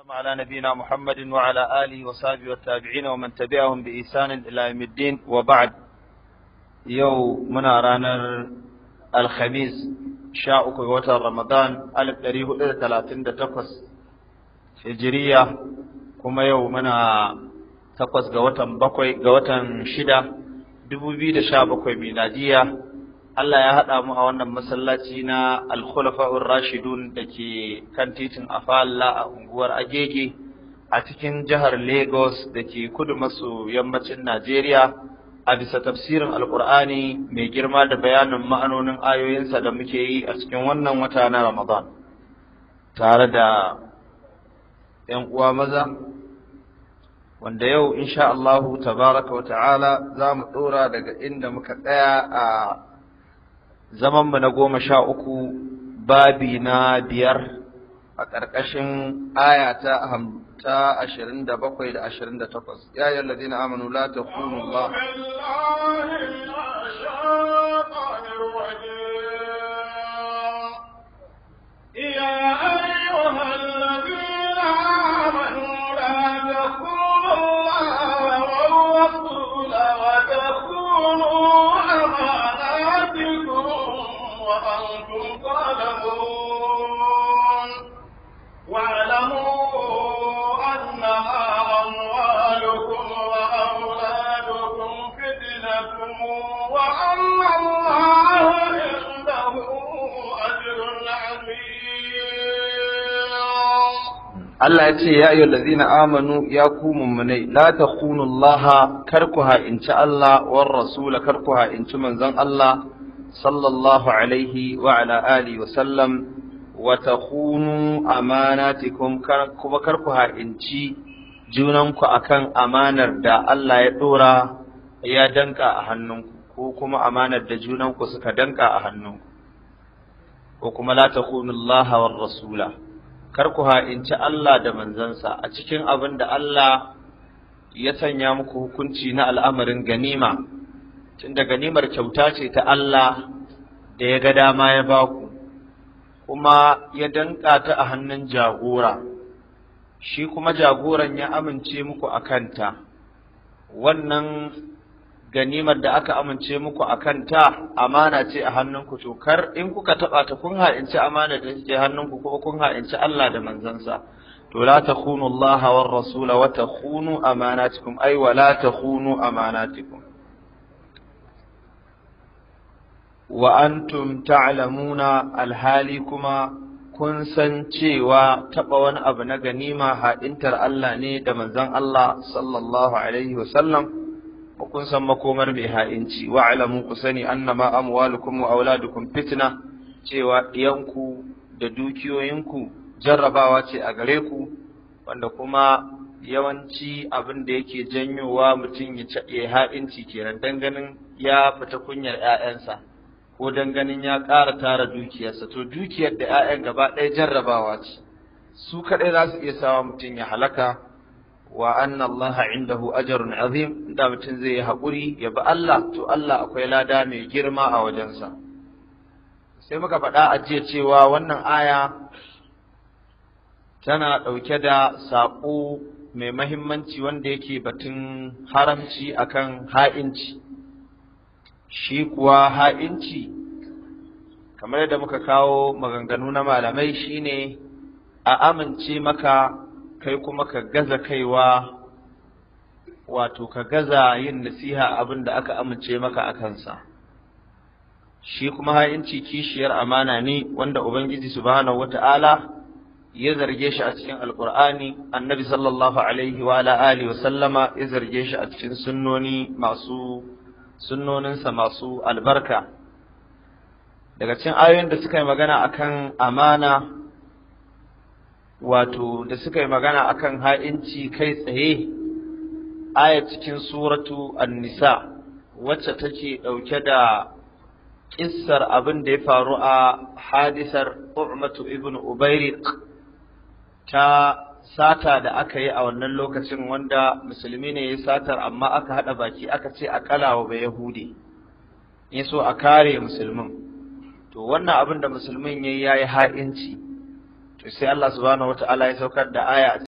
وسلم على نبينا محمد وعلى آله وصحبه والتابعين ومن تبعهم بإحسان إلى يوم الدين وبعد يوم من رانا الخميس شاء وتر رمضان ألف دريه إلى ثلاثين تقص هجرية كما يوم من تقص قوة بقوي قوة شدة دبوبي كوي ميلادية Allah ya haɗa mu a wannan masallaci na Al-Khulafa'ur Rashidun da ke kan titin Afalla a unguwar Agege a cikin jihar Lagos da ke kudu maso yammacin Najeriya a bisa tafsirin Al-Qur'ani mai girma da bayanin ma'anonin ayoyinsa da muke yi a cikin wannan wata na Ramadan tare da 'yan uwa maza wanda yau insha Allahu tabaraka wa ta'ala za mu ɗora daga inda muka tsaya a Zaman mu na goma sha uku babi na biyar a ƙarƙashin aya ta ashirin da bakwai da ashirin da takwas ya yi amanu la ta kunu ba كنتم تعلمون واعلموا أنها أموالكم وأولادكم فتنة وأن الله عنده أجر عظيم Allah ya ce ya ayyuhal ladzina amanu ya ku mummunai la takhunu Allah kar ku ha'inci Allah war rasul kar ku ha'inci manzon Allah صلى الله عليه وعلى آله وسلم وتخونوا أماناتكم كما كركها إنشي junanku akan amanar da Allah ya ɗora ya danka a hannunku ko kuma amanar da junanku suka danka a hannunku ko kuma la takunu Allah war rasula kar ku ha'inci Allah da manzansa a cikin abin da Allah ya sanya muku hukunci na al'amarin ganima tun da ganimar kyauta ce ta Allah da ya ga dama ya ba ku kuma ya danka ta a hannun jagora shi kuma jagoran ya amince muku a kanta wannan ganimar da aka amince muku a kanta amana ce a hannunku to kar in kuka taɓa ta kun ha'inci amana da ke hannunku ko kun ha'inci Allah da manzansa to la takhunu Allah war rasula wa takhunu amanatikum ay wa la takhunu amanatikum wa antum ta'lamuna alhali kuma kun san cewa taɓa wani abu na ganima haɗintar Allah ne da manzon Allah sallallahu alaihi wasallam kun san makomar mai ha'inci wa alamu ku sani annama amwalukum wa auladukum fitna cewa iyanku da dukiyoyinku jarrabawa ce a gare ku wanda kuma yawanci abin da yake janyowa mutum ya ha'inci kenan dangane ya fita kunyar 'ya'yansa ko dan ganin ya ƙara tara dukiyarsa to dukiyar da 'ya'yan gaba ɗaya jarrabawa ce su kaɗai za su iya sawa mutum ya halaka wa anna Allah indahu ajrun azim da mutum zai yi haƙuri ya bi Allah to Allah akwai lada mai girma a wajensa sai muka faɗa a jiya cewa wannan aya tana ɗauke da saƙo mai mahimmanci wanda yake batun haramci akan ha'inci shi kuwa ha'inci kamar yadda muka kawo maganganu na malamai shine a amince maka kai kuma ka gaza kaiwa wato ka gaza yin nasiha abin da aka amince maka a kansa shi kuma ha'inci kishiyar amana ne wanda ubangiji subhanahu wata'ala ya zarge shi a cikin alkur'ani annabi sallallahu alaihi wa ya zarge shi a cikin sunnoni masu sunnoninsa masu albarka daga cikin ayoyin da suka yi magana akan amana wato da suka yi magana akan ha'inci kai tsaye aya cikin suratu annisa wacce take ɗauke da kissar abin da ya faru a hadisar U'matu ibn Ubayriq ta sata da aka yi a wannan lokacin wanda musulmi ne ya satar amma aka haɗa baki aka ce a kalawa ba yahudi ya so a kare musulmin to wannan abin da musulmin ya yi ha'inci to sai Allah subhanahu wata'ala ya saukar da aya